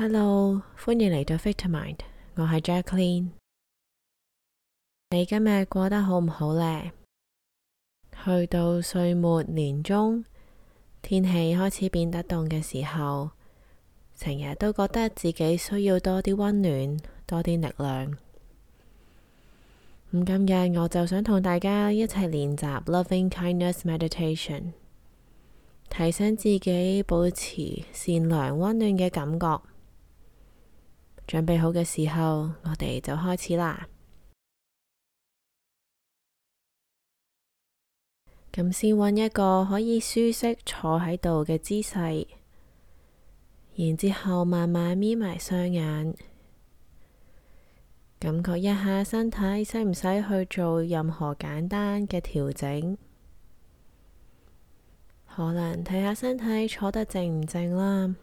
Hello，歡迎嚟到 Vitamind，我係 Jaclyn。你今日過得好唔好呢？去到歲末年終，天氣開始變得凍嘅時候，成日都覺得自己需要多啲溫暖，多啲力量。咁今日我就想同大家一齊練習 Loving Kindness Meditation，提醒自己保持善良、溫暖嘅感覺。準備好嘅時候，我哋就開始啦。咁先揾一個可以舒適坐喺度嘅姿勢，然之後慢慢眯埋雙眼，感覺一下身體使唔使去做任何簡單嘅調整，可能睇下身體坐得正唔正啦。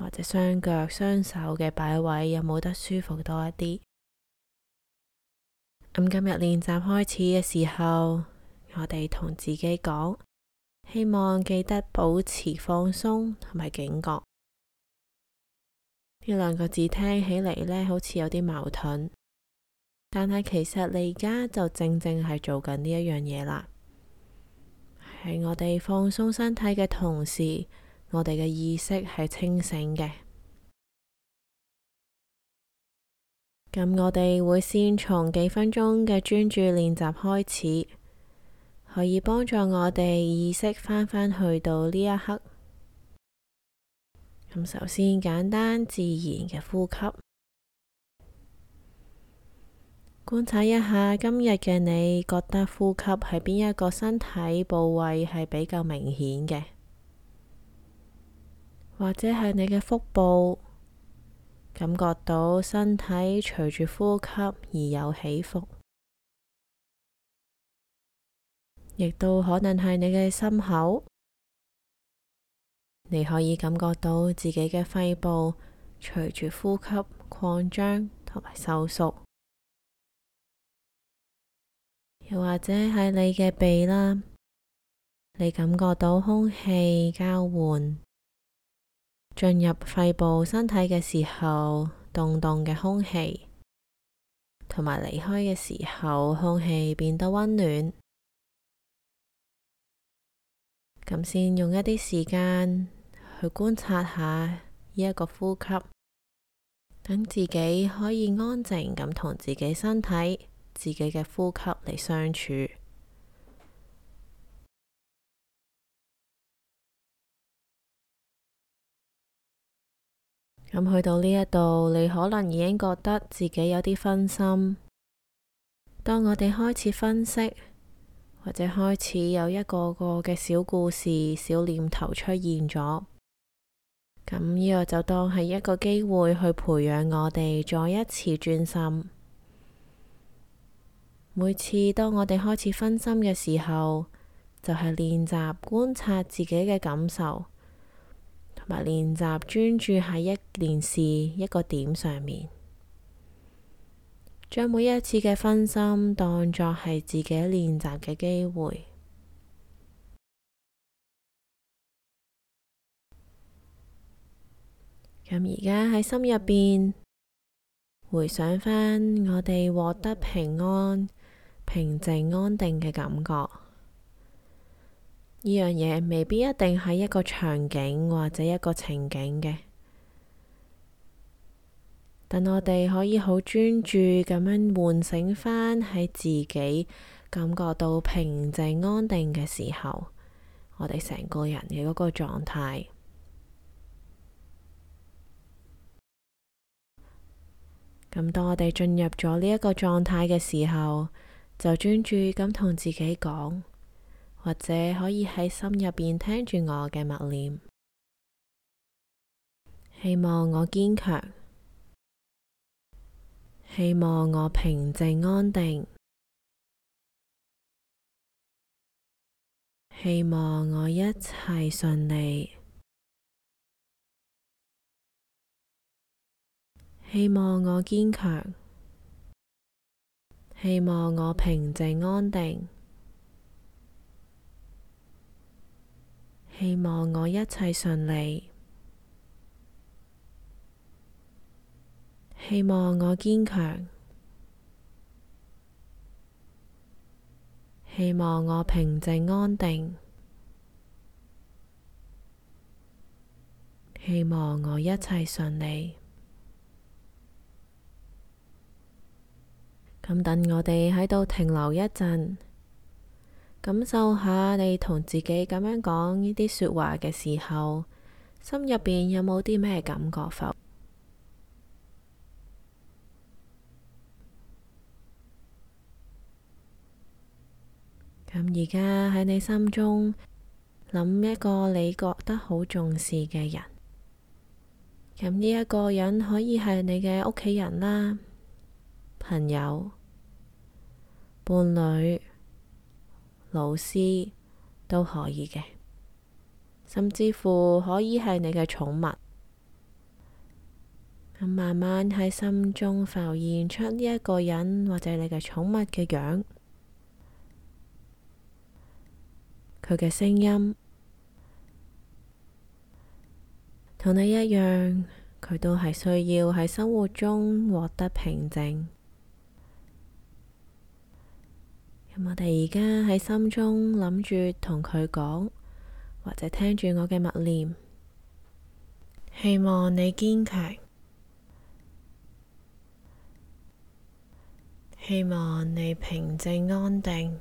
或者雙腳、雙手嘅擺位有冇得舒服多一啲？咁今日練習開始嘅時候，我哋同自己講，希望記得保持放鬆同埋警覺。呢兩個字聽起嚟呢好似有啲矛盾，但係其實你而家就正正係做緊呢一樣嘢啦，喺我哋放鬆身體嘅同時。我哋嘅意識係清醒嘅，咁我哋會先從幾分鐘嘅專注練習開始，可以幫助我哋意識翻翻去到呢一刻。咁首先簡單自然嘅呼吸，觀察一下今日嘅你，覺得呼吸喺邊一個身體部位係比較明顯嘅？或者係你嘅腹部，感覺到身體隨住呼吸而有起伏；亦都可能係你嘅心口，你可以感覺到自己嘅肺部隨住呼吸擴張同埋收縮。又或者係你嘅鼻啦，你感覺到空氣交換。進入肺部身體嘅時候，凍凍嘅空氣，同埋離開嘅時候，空氣變得溫暖。咁先用一啲時間去觀察下呢一個呼吸，等自己可以安靜咁同自己身體、自己嘅呼吸嚟相處。咁去到呢一度，你可能已經覺得自己有啲分心。當我哋開始分析，或者開始有一個個嘅小故事、小念頭出現咗，咁呢個就當係一個機會去培養我哋再一次專心。每次當我哋開始分心嘅時候，就係練習觀察自己嘅感受。白練習專注喺一件事一個點上面，將每一次嘅分心當作係自己練習嘅機會。咁而家喺心入邊回想翻我哋獲得平安、平靜、安定嘅感覺。呢樣嘢未必一定係一個場景或者一個情景嘅，等我哋可以好專注咁樣喚醒翻喺自己感覺到平靜安定嘅時候，我哋成個人嘅嗰個狀態。咁當我哋進入咗呢一個狀態嘅時候，就專注咁同自己講。或者可以喺心入邊聽住我嘅默念，希望我堅強，希望我平靜安定，希望我一切順利，希望我堅強，希望我平靜安定。希望我一切順利，希望我堅強，希望我平靜安定，希望我一切順利。噉，等我哋喺度停留一陣。感受下你同自己咁樣講呢啲說話嘅時候，心入邊有冇啲咩感覺否？咁而家喺你心中諗一個你覺得好重視嘅人，咁呢一個人可以係你嘅屋企人啦，朋友、伴侶。老師都可以嘅，甚至乎可以係你嘅寵物，咁慢慢喺心中浮現出呢一個人或者你嘅寵物嘅樣，佢嘅聲音同你一樣，佢都係需要喺生活中獲得平靜。我哋而家喺心中諗住同佢講，或者聽住我嘅默念，希望你堅強，希望你平靜安定，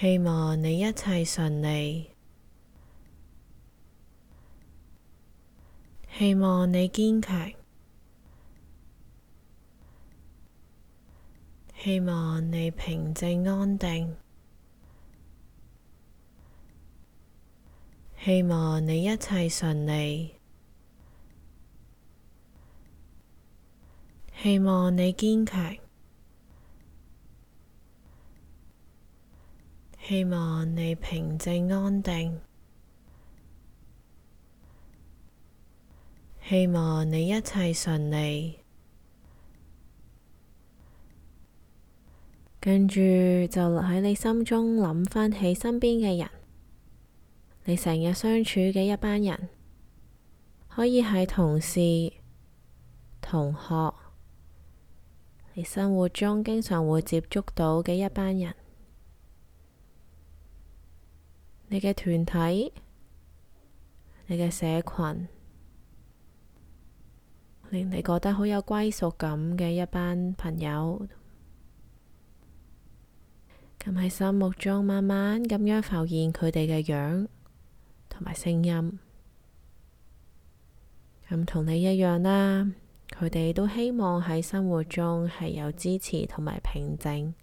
希望你一切順利，希望你堅強。希望你平靜安定，希望你一切順利，希望你堅強，希望你平靜安定，希望你一切順利。跟住就喺你心中諗翻起身邊嘅人，你成日相處嘅一班人，可以係同事、同學，你生活中經常會接觸到嘅一班人，你嘅團體、你嘅社群，令你覺得好有歸屬感嘅一班朋友。咁喺、嗯、心目中慢慢咁樣浮現佢哋嘅樣同埋聲音，咁、嗯、同你一樣啦。佢哋都希望喺生活中係有支持同埋平靜。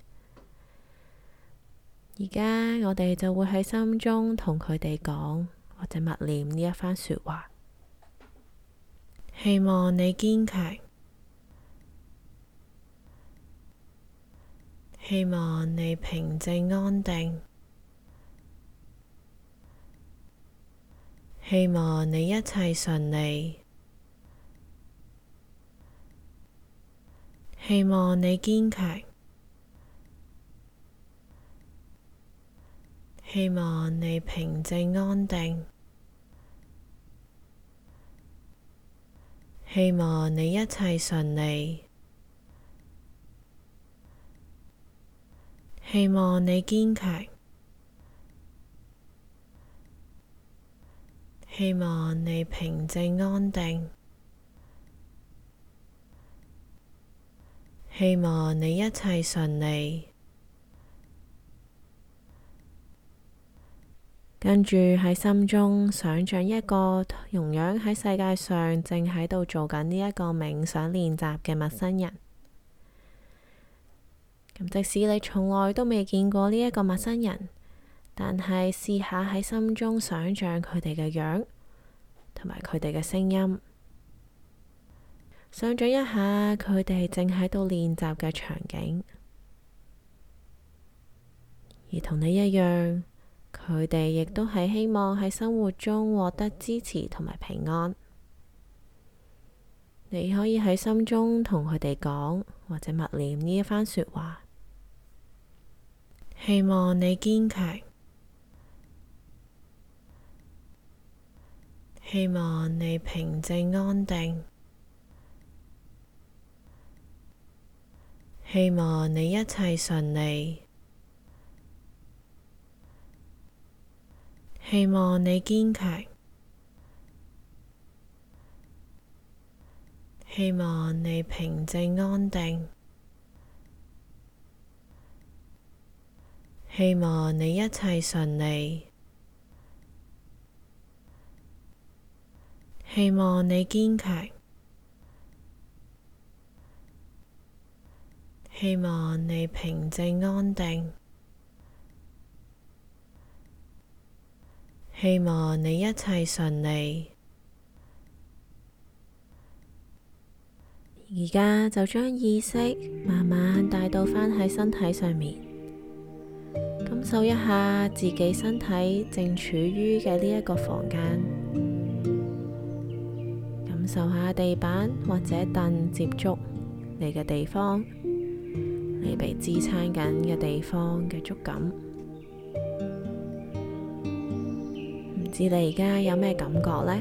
而家我哋就會喺心中同佢哋講或者默念呢一番說話，希望你堅強。希望你平靜安定，希望你一切順利，希望你堅強，希望你平靜安定，希望你一切順利。希望你堅強，希望你平靜安定，希望你一切順利。跟住喺心中想象一個同樣喺世界上正喺度做緊呢一個冥想練習嘅陌生人。即使你從來都未見過呢一個陌生人，但係試下喺心中想象佢哋嘅樣，同埋佢哋嘅聲音，想象一下佢哋正喺度練習嘅場景，而同你一樣，佢哋亦都係希望喺生活中獲得支持同埋平安。你可以喺心中同佢哋講，或者默念呢一番說話。希望你堅強，希望你平靜安定，希望你一切順利，希望你堅強，希望你平靜安定。希望你一切順利，希望你堅強，希望你平靜安定，希望你一切順利。而家就將意識慢慢帶到翻喺身體上面。感受一下自己身體正處於嘅呢一個房間，感受下地板或者凳接觸你嘅地方，你被支撐緊嘅地方嘅觸感。唔知你而家有咩感覺呢？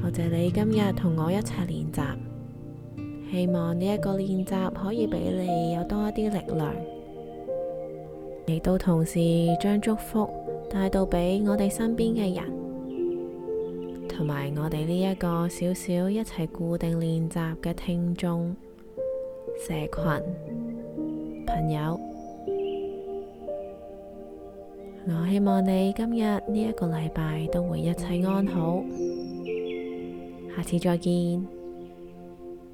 多謝你今日同我一齊練習。希望呢一個練習可以俾你有多一啲力量，亦都同時將祝福帶到俾我哋身邊嘅人，同埋我哋呢一個少少一齊固定練習嘅聽眾、社群、朋友，我希望你今日呢一個禮拜都會一切安好，下次再見。